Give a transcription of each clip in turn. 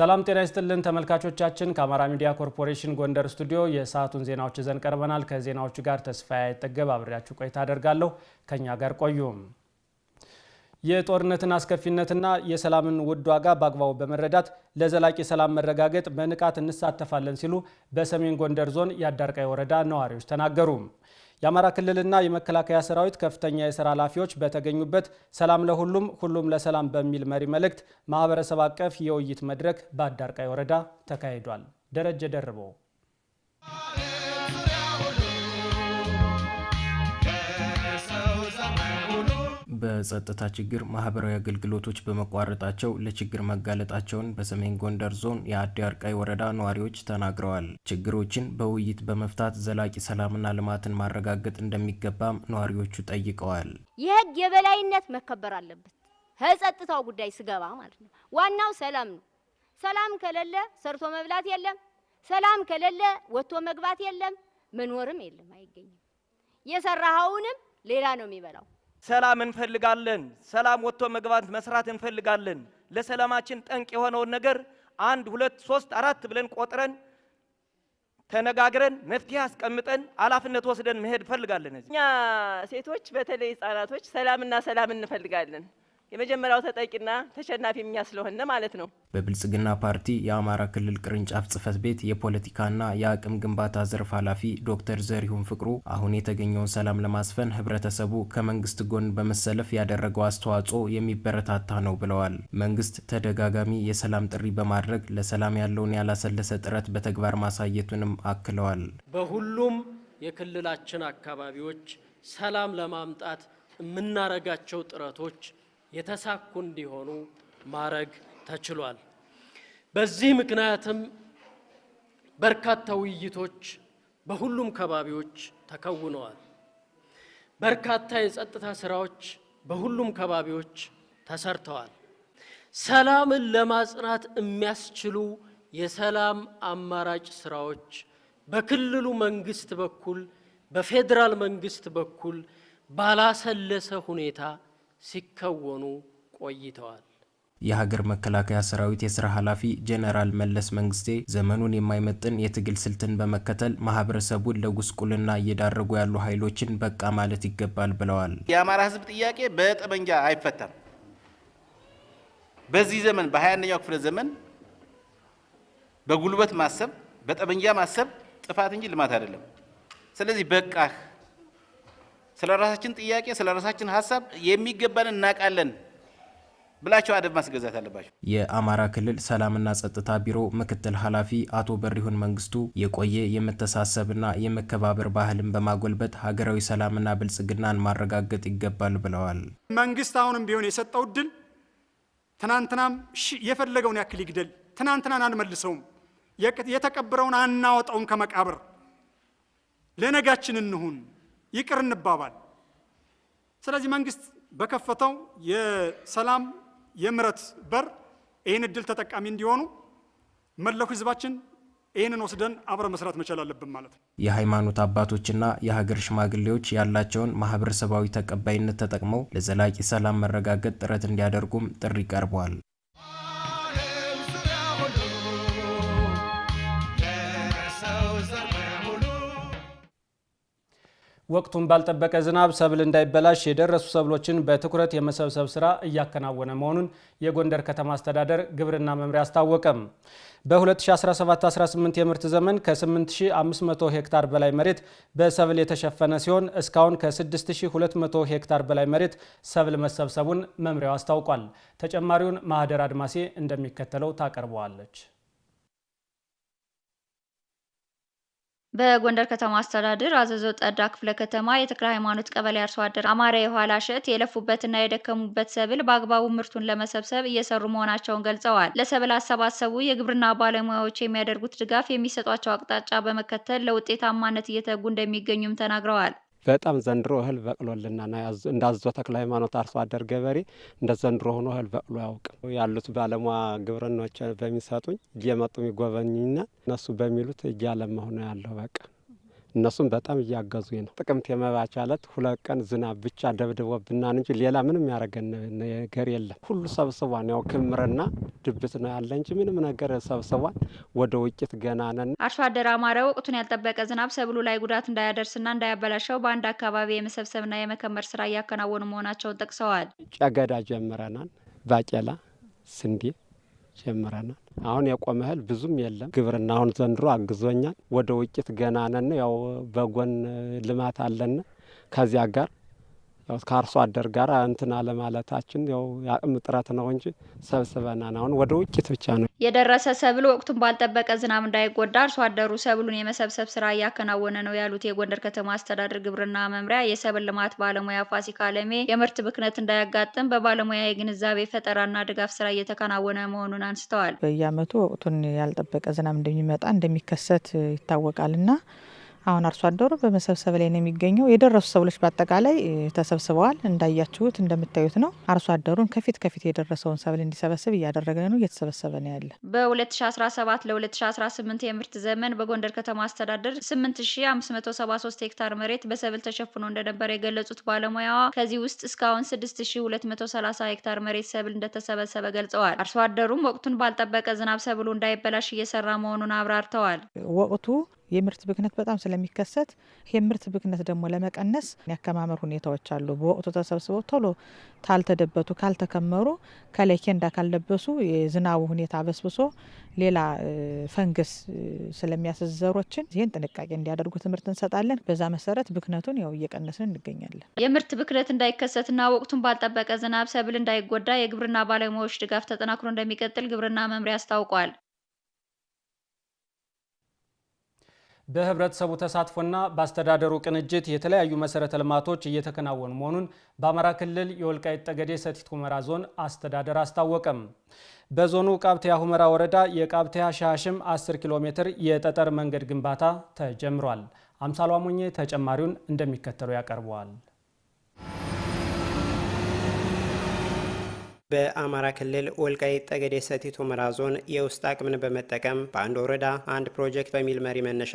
ሰላም ጤና ይስጥልን ተመልካቾቻችን፣ ከአማራ ሚዲያ ኮርፖሬሽን ጎንደር ስቱዲዮ የሰዓቱን ዜናዎች ይዘን ቀርበናል። ከዜናዎቹ ጋር ተስፋዬ ጥገብ አብሬያችሁ ቆይታ አደርጋለሁ። ከእኛ ጋር ቆዩም። የጦርነትን አስከፊነትና የሰላምን ውድ ዋጋ በአግባቡ በመረዳት ለዘላቂ ሰላም መረጋገጥ በንቃት እንሳተፋለን ሲሉ በሰሜን ጎንደር ዞን የአዳርቃይ ወረዳ ነዋሪዎች ተናገሩ። የአማራ ክልልና የመከላከያ ሰራዊት ከፍተኛ የስራ ኃላፊዎች በተገኙበት ሰላም ለሁሉም ሁሉም ለሰላም በሚል መሪ መልእክት ማህበረሰብ አቀፍ የውይይት መድረክ በአዳርቃይ ወረዳ ተካሂዷል። ደረጀ ደርበው በጸጥታ ችግር ማህበራዊ አገልግሎቶች በመቋረጣቸው ለችግር መጋለጣቸውን በሰሜን ጎንደር ዞን የአዲ አርቃይ ወረዳ ነዋሪዎች ተናግረዋል። ችግሮችን በውይይት በመፍታት ዘላቂ ሰላምና ልማትን ማረጋገጥ እንደሚገባም ነዋሪዎቹ ጠይቀዋል። የህግ የበላይነት መከበር አለበት። ከጸጥታው ጉዳይ ስገባ ማለት ነው። ዋናው ሰላም ነው። ሰላም ከሌለ ሰርቶ መብላት የለም። ሰላም ከሌለ ወጥቶ መግባት የለም። መኖርም የለም፣ አይገኝም። የሰራኸውንም ሌላ ነው የሚበላው። ሰላም እንፈልጋለን። ሰላም ወጥቶ መግባት መስራት እንፈልጋለን። ለሰላማችን ጠንቅ የሆነውን ነገር አንድ ሁለት ሶስት አራት ብለን ቆጥረን ተነጋግረን መፍትሄ አስቀምጠን ኃላፊነት ወስደን መሄድ እንፈልጋለን። እኛ ሴቶች በተለይ ህጻናቶች ሰላምና ሰላም እንፈልጋለን። የመጀመሪያው ተጠቂና ተሸናፊ እኛ ስለሆነ ማለት ነው። በብልጽግና ፓርቲ የአማራ ክልል ቅርንጫፍ ጽህፈት ቤት የፖለቲካና የአቅም ግንባታ ዘርፍ ኃላፊ ዶክተር ዘሪሁን ፍቅሩ አሁን የተገኘውን ሰላም ለማስፈን ህብረተሰቡ ከመንግስት ጎን በመሰለፍ ያደረገው አስተዋጽኦ የሚበረታታ ነው ብለዋል። መንግስት ተደጋጋሚ የሰላም ጥሪ በማድረግ ለሰላም ያለውን ያላሰለሰ ጥረት በተግባር ማሳየቱንም አክለዋል። በሁሉም የክልላችን አካባቢዎች ሰላም ለማምጣት የምናረጋቸው ጥረቶች የተሳኩ እንዲሆኑ ማድረግ ተችሏል። በዚህ ምክንያትም በርካታ ውይይቶች በሁሉም ከባቢዎች ተከውነዋል። በርካታ የጸጥታ ስራዎች በሁሉም ከባቢዎች ተሰርተዋል። ሰላምን ለማጽናት የሚያስችሉ የሰላም አማራጭ ስራዎች በክልሉ መንግስት በኩል በፌዴራል መንግስት በኩል ባላሰለሰ ሁኔታ ሲከወኑ ቆይተዋል። የሀገር መከላከያ ሰራዊት የስራ ኃላፊ ጄኔራል መለስ መንግስቴ ዘመኑን የማይመጥን የትግል ስልትን በመከተል ማህበረሰቡን ለጉስቁልና እየዳረጉ ያሉ ኃይሎችን በቃ ማለት ይገባል ብለዋል። የአማራ ህዝብ ጥያቄ በጠመንጃ አይፈታም። በዚህ ዘመን በሀያ አንደኛው ክፍለ ዘመን በጉልበት ማሰብ፣ በጠመንጃ ማሰብ ጥፋት እንጂ ልማት አይደለም። ስለዚህ በቃህ ስለ ራሳችን ጥያቄ ስለ ራሳችን ሀሳብ የሚገባን እናውቃለን ብላቸው አደብ ማስገዛት አለባቸው። የአማራ ክልል ሰላምና ጸጥታ ቢሮ ምክትል ኃላፊ አቶ በሪሁን መንግስቱ የቆየ የመተሳሰብና የመከባበር ባህልን በማጎልበት ሀገራዊ ሰላምና ብልጽግናን ማረጋገጥ ይገባል ብለዋል። መንግስት አሁንም ቢሆን የሰጠው እድል ትናንትናም የፈለገውን ያክል ይግደል፣ ትናንትናን አንመልሰውም፣ የተቀብረውን አናወጣውም ከመቃብር ለነጋችን እንሁን ይቅር እንባባል። ስለዚህ መንግስት በከፈተው የሰላም የምረት በር ይህን እድል ተጠቃሚ እንዲሆኑ መለኩ ህዝባችን ይህንን ወስደን አብረ መስራት መቻል አለብን ማለት ነው። የሃይማኖት አባቶችና የሀገር ሽማግሌዎች ያላቸውን ማህበረሰባዊ ተቀባይነት ተጠቅመው ለዘላቂ ሰላም መረጋገጥ ጥረት እንዲያደርጉም ጥሪ ቀርቧል። ወቅቱን ባልጠበቀ ዝናብ ሰብል እንዳይበላሽ የደረሱ ሰብሎችን በትኩረት የመሰብሰብ ስራ እያከናወነ መሆኑን የጎንደር ከተማ አስተዳደር ግብርና መምሪያ አስታወቀም። በ2017-18 የምርት ዘመን ከ8500 ሄክታር በላይ መሬት በሰብል የተሸፈነ ሲሆን እስካሁን ከ6200 ሄክታር በላይ መሬት ሰብል መሰብሰቡን መምሪያው አስታውቋል። ተጨማሪውን ማህደር አድማሴ እንደሚከተለው ታቀርበዋለች። በጎንደር ከተማ አስተዳደር አዘዞ ጠዳ ክፍለ ከተማ የተክለ ሃይማኖት ቀበሌ አርሶ አደር አማረ የኋላ እሸት የለፉበትና የደከሙበት ሰብል በአግባቡ ምርቱን ለመሰብሰብ እየሰሩ መሆናቸውን ገልጸዋል። ለሰብል አሰባሰቡ የግብርና ባለሙያዎች የሚያደርጉት ድጋፍ የሚሰጧቸው አቅጣጫ በመከተል ለውጤታማነት እየተጉ እንደሚገኙም ተናግረዋል። በጣም ዘንድሮ እህል በቅሎልና ና እንዳዞ ተክለ ሃይማኖት አርሶ አደር ገበሬ እንደ ዘንድሮ ሆኖ እህል በቅሎ አያውቅም። ያሉት ባለሙያ ግብርናዎች በሚሰጡኝ እየመጡ የሚጎበኙኝና እነሱ በሚሉት እያለማሁ ያለው በቃ እነሱም በጣም እያገዙ ነው። ጥቅምት የመባቻ ዕለት ሁለት ቀን ዝናብ ብቻ ደብድቦብናን እንጂ ሌላ ምንም ያደረገን ነገር የለም። ሁሉ ሰብስቧን ያው ክምርና ድብት ነው ያለ እንጂ ምንም ነገር ሰብስቧን ወደ ውጭት ገና ነን። አርሶ አደር አማረ ወቅቱን ያልጠበቀ ዝናብ ሰብሉ ላይ ጉዳት እንዳያደርስና እንዳያበላሸው በአንድ አካባቢ የመሰብሰብና የመከመር ስራ እያከናወኑ መሆናቸውን ጠቅሰዋል። ጨገዳ ጀምረናል። ባቄላ፣ ስንዴ ጀምረናል። አሁን የቆመ እህል ብዙም የለም። ግብርና አሁን ዘንድሮ አግዞኛል። ወደ ውጭት ገና ነን። ያው በጎን ልማት አለን ከዚያ ጋር ከአርሶ አደር ጋር እንትና ለማለታችን ያው የአቅም ጥረት ነው እንጂ ሰብስበናን አሁን ወደ ውጭት ብቻ ነው የደረሰ ሰብል ወቅቱን ባልጠበቀ ዝናብ እንዳይጎዳ አርሶ አደሩ ሰብሉን የመሰብሰብ ስራ እያከናወነ ነው ያሉት የጎንደር ከተማ አስተዳደር ግብርና መምሪያ የሰብል ልማት ባለሙያ ፋሲካ አለሜ የምርት ብክነት እንዳያጋጥም በባለሙያ የግንዛቤ ፈጠራና ድጋፍ ስራ እየተከናወነ መሆኑን አንስተዋል። በየአመቱ ወቅቱን ያልጠበቀ ዝናብ እንደሚመጣ እንደሚከሰት ይታወቃልና አሁን አርሶ አደሩ በመሰብሰብ ላይ ነው የሚገኘው። የደረሱ ሰብሎች በአጠቃላይ ተሰብስበዋል። እንዳያችሁት እንደምታዩት ነው። አርሶ አደሩን ከፊት ከፊት የደረሰውን ሰብል እንዲሰበስብ እያደረገ ነው፣ እየተሰበሰበ ነው ያለ። በ2017 ለ2018 የምርት ዘመን በጎንደር ከተማ አስተዳደር 8573 ሄክታር መሬት በሰብል ተሸፍኖ እንደነበረ የገለጹት ባለሙያዋ ከዚህ ውስጥ እስካሁን 6230 ሄክታር መሬት ሰብል እንደተሰበሰበ ገልጸዋል። አርሶ አደሩም ወቅቱን ባልጠበቀ ዝናብ ሰብሉ እንዳይበላሽ እየሰራ መሆኑን አብራርተዋል። ወቅቱ የምርት ብክነት በጣም ስለሚከሰት የምርት ብክነት ደግሞ ለመቀነስ ያከማመር ሁኔታዎች አሉ። በወቅቱ ተሰብስበው ቶሎ ካልተደበቱ፣ ካልተከመሩ፣ ከላይ ኬንዳ ካልለበሱ የዝናቡ ሁኔታ በስብሶ ሌላ ፈንገስ ስለሚያስዝ ዘሮችን ይህን ጥንቃቄ እንዲያደርጉ ትምህርት እንሰጣለን። በዛ መሰረት ብክነቱን ያው እየቀነስን እንገኛለን። የምርት ብክነት እንዳይከሰትና ወቅቱን ባልጠበቀ ዝናብ ሰብል እንዳይጎዳ የግብርና ባለሙያዎች ድጋፍ ተጠናክሮ እንደሚቀጥል ግብርና መምሪያ አስታውቋል። በህብረተሰቡ ተሳትፎና በአስተዳደሩ ቅንጅት የተለያዩ መሰረተ ልማቶች እየተከናወኑ መሆኑን በአማራ ክልል የወልቃይት ጠገዴ ሰቲት ሁመራ ዞን አስተዳደር አስታወቀም። በዞኑ ቃብቲያ ሁመራ ወረዳ የቃብቲያ ሻሽም 10 ኪሎ ሜትር የጠጠር መንገድ ግንባታ ተጀምሯል። አምሳሏ አሞኜ ተጨማሪውን እንደሚከተለው ያቀርበዋል። በአማራ ክልል ወልቃይት ጠገዴ ሰቲት ሁመራ ዞን የውስጥ አቅምን በመጠቀም በአንድ ወረዳ አንድ ፕሮጀክት በሚል መሪ መነሻ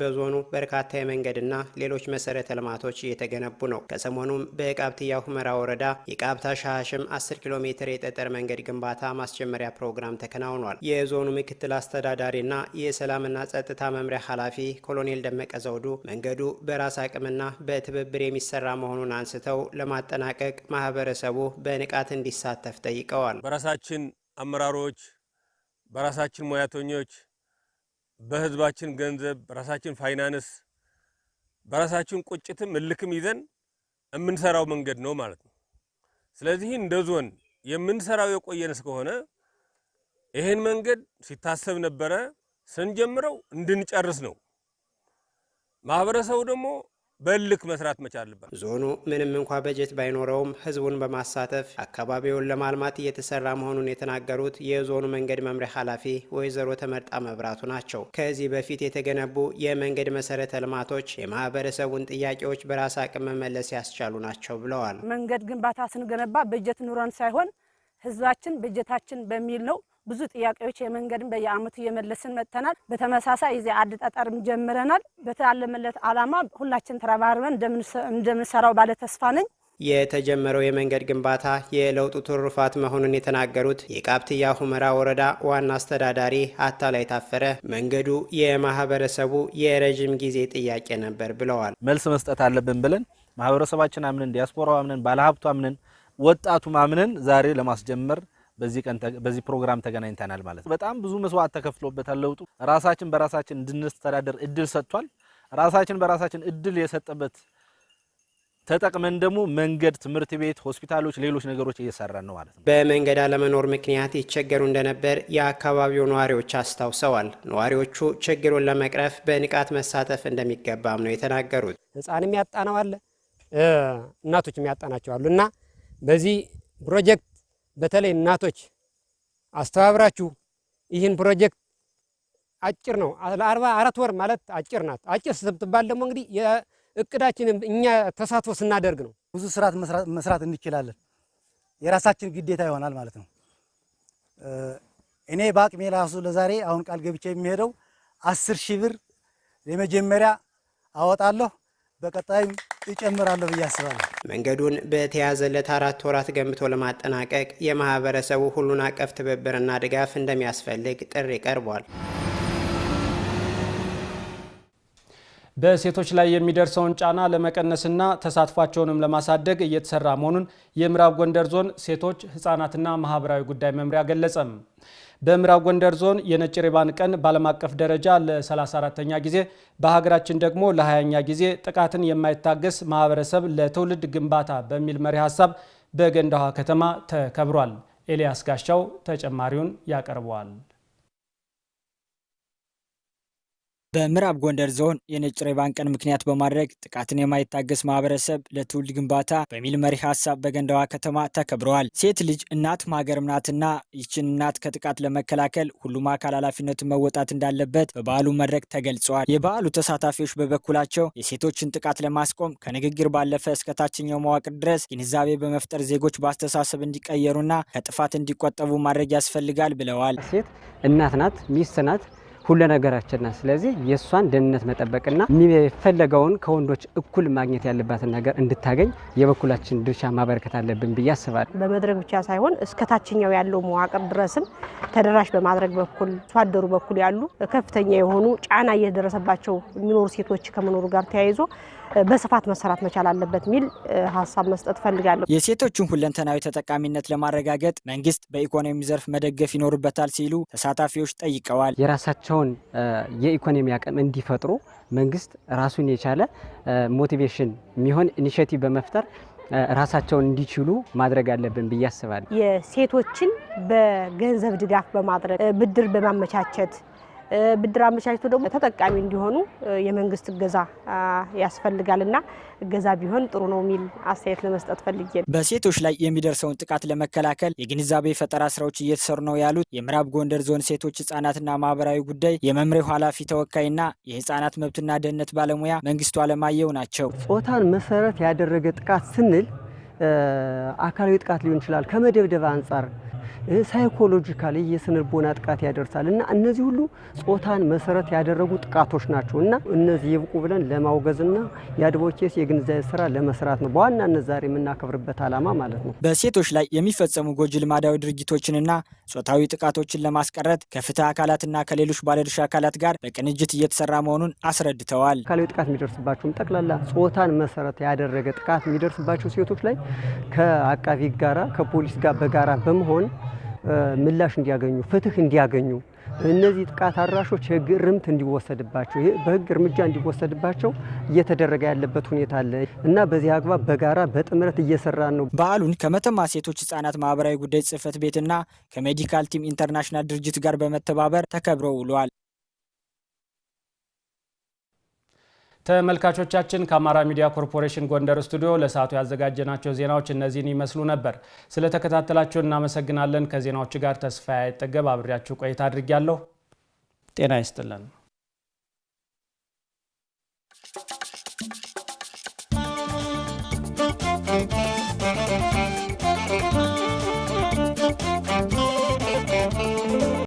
በዞኑ በርካታ የመንገድና ሌሎች መሰረተ ልማቶች እየተገነቡ ነው። ከሰሞኑም በቃብትያ ሁመራ ወረዳ የቃብታ ሻሽም 10 ኪሎ ሜትር የጠጠር መንገድ ግንባታ ማስጀመሪያ ፕሮግራም ተከናውኗል። የዞኑ ምክትል አስተዳዳሪና የሰላምና ጸጥታ መምሪያ ኃላፊ ኮሎኔል ደመቀ ዘውዱ መንገዱ በራስ አቅምና በትብብር የሚሰራ መሆኑን አንስተው ለማጠናቀቅ ማህበረሰቡ በንቃት እንዲሳተፍ እንድንሳተፍ ጠይቀዋል። በራሳችን አመራሮች፣ በራሳችን ሙያተኞች፣ በህዝባችን ገንዘብ፣ በራሳችን ፋይናንስ፣ በራሳችን ቁጭትም እልክም ይዘን የምንሰራው መንገድ ነው ማለት ነው። ስለዚህ እንደ ዞን የምንሰራው የቆየን እስከሆነ ይህን መንገድ ሲታሰብ ነበረ ስንጀምረው እንድንጨርስ ነው። ማህበረሰቡ ደግሞ በልክ መስራት መቻል አለበት። ዞኑ ምንም እንኳ በጀት ባይኖረውም ህዝቡን በማሳተፍ አካባቢውን ለማልማት እየተሰራ መሆኑን የተናገሩት የዞኑ መንገድ መምሪያ ኃላፊ ወይዘሮ ተመርጣ መብራቱ ናቸው። ከዚህ በፊት የተገነቡ የመንገድ መሰረተ ልማቶች የማህበረሰቡን ጥያቄዎች በራስ አቅም መመለስ ያስቻሉ ናቸው ብለዋል። መንገድ ግንባታ ስንገነባ በጀት ኑሮን ሳይሆን ህዝባችን በጀታችን በሚል ነው ብዙ ጥያቄዎች የመንገድን በየአመቱ እየመለስን መጥተናል። በተመሳሳይ የዚህ አድ ጠጠርም ጀምረናል። በተላለመለት አላማ ሁላችን ተረባርበን እንደምንሰራው ባለ ተስፋ ነኝ። የተጀመረው የመንገድ ግንባታ የለውጡ ትሩፋት መሆኑን የተናገሩት የቃብትያ ሁመራ ወረዳ ዋና አስተዳዳሪ አታላይ ታፈረ መንገዱ የማህበረሰቡ የረዥም ጊዜ ጥያቄ ነበር ብለዋል። መልስ መስጠት አለብን ብለን ማህበረሰባችን አምነን፣ ዲያስፖራው አምነን፣ ባለሀብቱ አምነን፣ ወጣቱ አምነን ዛሬ ለማስጀመር በዚህ ቀን በዚህ ፕሮግራም ተገናኝተናል ማለት ነው። በጣም ብዙ መስዋዕት ተከፍሎበታል። ለውጡ ራሳችን በራሳችን እንድንስተዳደር እድል ሰጥቷል። ራሳችን በራሳችን እድል የሰጠበት ተጠቅመን ደግሞ መንገድ፣ ትምህርት ቤት፣ ሆስፒታሎች፣ ሌሎች ነገሮች እየሰራን ነው ማለት ነው። በመንገድ አለመኖር ምክንያት ይቸገሩ እንደነበር የአካባቢው ነዋሪዎች አስታውሰዋል። ነዋሪዎቹ ችግሩን ለመቅረፍ በንቃት መሳተፍ እንደሚገባም ነው የተናገሩት። ሕፃንም አለ፣ እናቶችም ያጣናቸዋሉ እና በዚህ ፕሮጀክት በተለይ እናቶች አስተባብራችሁ ይህን ፕሮጀክት አጭር ነው፣ ለአርባ አራት ወር ማለት አጭር ናት። አጭር ስትባል ደግሞ እንግዲህ የእቅዳችንን እኛ ተሳትፎ ስናደርግ ነው። ብዙ ስርዓት መስራት እንችላለን። የራሳችን ግዴታ ይሆናል ማለት ነው። እኔ በአቅሜ ራሱ ለዛሬ አሁን ቃል ገብቼ የሚሄደው አስር ሺህ ብር የመጀመሪያ አወጣለሁ። በቀጣይም ይጨምራለሁ ብዬ አስባለሁ። መንገዱን በተያዘለት አራት ወራት ገንብቶ ለማጠናቀቅ የማህበረሰቡ ሁሉን አቀፍ ትብብርና ድጋፍ እንደሚያስፈልግ ጥሪ ቀርቧል። በሴቶች ላይ የሚደርሰውን ጫና ለመቀነስና ተሳትፏቸውንም ለማሳደግ እየተሰራ መሆኑን የምዕራብ ጎንደር ዞን ሴቶች ህጻናትና ማህበራዊ ጉዳይ መምሪያ ገለጸም። በምዕራብ ጎንደር ዞን የነጭ ሪባን ቀን በዓለም አቀፍ ደረጃ ለ 34 ተኛ ጊዜ በሀገራችን ደግሞ ለ20ኛ ጊዜ ጥቃትን የማይታገስ ማህበረሰብ ለትውልድ ግንባታ በሚል መሪ ሀሳብ በገንዳዋ ከተማ ተከብሯል። ኤልያስ ጋሻው ተጨማሪውን ያቀርበዋል። በምዕራብ ጎንደር ዞን የነጭ ሬባን ቀን ምክንያት በማድረግ ጥቃትን የማይታገስ ማህበረሰብ ለትውልድ ግንባታ በሚል መሪ ሀሳብ በገንዳዋ ከተማ ተከብረዋል። ሴት ልጅ እናት ማገርም ናትና ይችን እናት ከጥቃት ለመከላከል ሁሉም አካል ኃላፊነቱን መወጣት እንዳለበት በበዓሉ መድረክ ተገልጸዋል። የበዓሉ ተሳታፊዎች በበኩላቸው የሴቶችን ጥቃት ለማስቆም ከንግግር ባለፈ እስከ ታችኛው መዋቅር ድረስ ግንዛቤ በመፍጠር ዜጎች በአስተሳሰብ እንዲቀየሩና ከጥፋት እንዲቆጠቡ ማድረግ ያስፈልጋል ብለዋል። ሴት እናት ናት፣ ሚስት ናት ሁሉ ነገራችን ናት። ስለዚህ የእሷን ደህንነት መጠበቅና የሚፈለገውን ከወንዶች እኩል ማግኘት ያለባትን ነገር እንድታገኝ የበኩላችን ድርሻ ማበረከት አለብን ብዬ አስባለሁ። በመድረክ ብቻ ሳይሆን እስከ ታችኛው ያለው መዋቅር ድረስም ተደራሽ በማድረግ በኩል ሷደሩ በኩል ያሉ ከፍተኛ የሆኑ ጫና እየደረሰባቸው የሚኖሩ ሴቶች ከመኖሩ ጋር ተያይዞ በስፋት መሰራት መቻል አለበት የሚል ሀሳብ መስጠት ፈልጋለሁ። የሴቶችን ሁለንተናዊ ተጠቃሚነት ለማረጋገጥ መንግስት በኢኮኖሚ ዘርፍ መደገፍ ይኖርበታል ሲሉ ተሳታፊዎች ጠይቀዋል። የራሳቸውን የኢኮኖሚ አቅም እንዲፈጥሩ መንግስት ራሱን የቻለ ሞቲቬሽን የሚሆን ኢኒሽቲቭ በመፍጠር ራሳቸውን እንዲችሉ ማድረግ አለብን ብዬ አስባለሁ። የሴቶችን በገንዘብ ድጋፍ በማድረግ ብድር በማመቻቸት ብድር አመቻችቶ ደግሞ ተጠቃሚ እንዲሆኑ የመንግስት እገዛ ያስፈልጋልና እገዛ ቢሆን ጥሩ ነው የሚል አስተያየት ለመስጠት ፈልጌ በሴቶች ላይ የሚደርሰውን ጥቃት ለመከላከል የግንዛቤ ፈጠራ ስራዎች እየተሰሩ ነው ያሉት የምዕራብ ጎንደር ዞን ሴቶች ህጻናትና ማህበራዊ ጉዳይ የመምሪያው ኃላፊ ተወካይና የህጻናት መብትና ደህንነት ባለሙያ መንግስቱ አለማየሁ ናቸው። ጾታን መሰረት ያደረገ ጥቃት ስንል አካላዊ ጥቃት ሊሆን ይችላል ከመደብደብ አንጻር ሳይኮሎጂካል የስነ ልቦና ጥቃት ያደርሳል እና እነዚህ ሁሉ ጾታን መሰረት ያደረጉ ጥቃቶች ናቸው እና እነዚህ ይብቁ ብለን ለማውገዝና የአድቮኬስ የግንዛቤ ስራ ለመስራት ነው በዋናነት ዛሬ የምናከብርበት ዓላማ ማለት ነው። በሴቶች ላይ የሚፈጸሙ ጎጂ ልማዳዊ ድርጊቶችንና ጾታዊ ጥቃቶችን ለማስቀረት ከፍትህ አካላትና ከሌሎች ባለድርሻ አካላት ጋር በቅንጅት እየተሰራ መሆኑን አስረድተዋል። አካላዊ ጥቃት የሚደርስባቸውም ጠቅላላ ጾታን መሰረት ያደረገ ጥቃት የሚደርስባቸው ሴቶች ላይ ከአቃቢ ጋራ ከፖሊስ ጋር በጋራ በመሆን ምላሽ እንዲያገኙ፣ ፍትህ እንዲያገኙ እነዚህ ጥቃት አድራሾች ህግ እርምት እንዲወሰድባቸው በህግ እርምጃ እንዲወሰድባቸው እየተደረገ ያለበት ሁኔታ አለ እና በዚህ አግባብ በጋራ በጥምረት እየሰራን ነው። በዓሉን ከመተማ ሴቶች ህጻናት ማህበራዊ ጉዳይ ጽህፈት ቤትና ከሜዲካል ቲም ኢንተርናሽናል ድርጅት ጋር በመተባበር ተከብረው ውሏል። ተመልካቾቻችን ከአማራ ሚዲያ ኮርፖሬሽን ጎንደር ስቱዲዮ ለሰዓቱ ያዘጋጀናቸው ዜናዎች እነዚህን ይመስሉ ነበር። ስለተከታተላችሁ እናመሰግናለን። ከዜናዎቹ ጋር ተስፋዬ አይጠገብ አብሬያችሁ ቆይታ አድርጊያለሁ። ጤና ይስጥልን።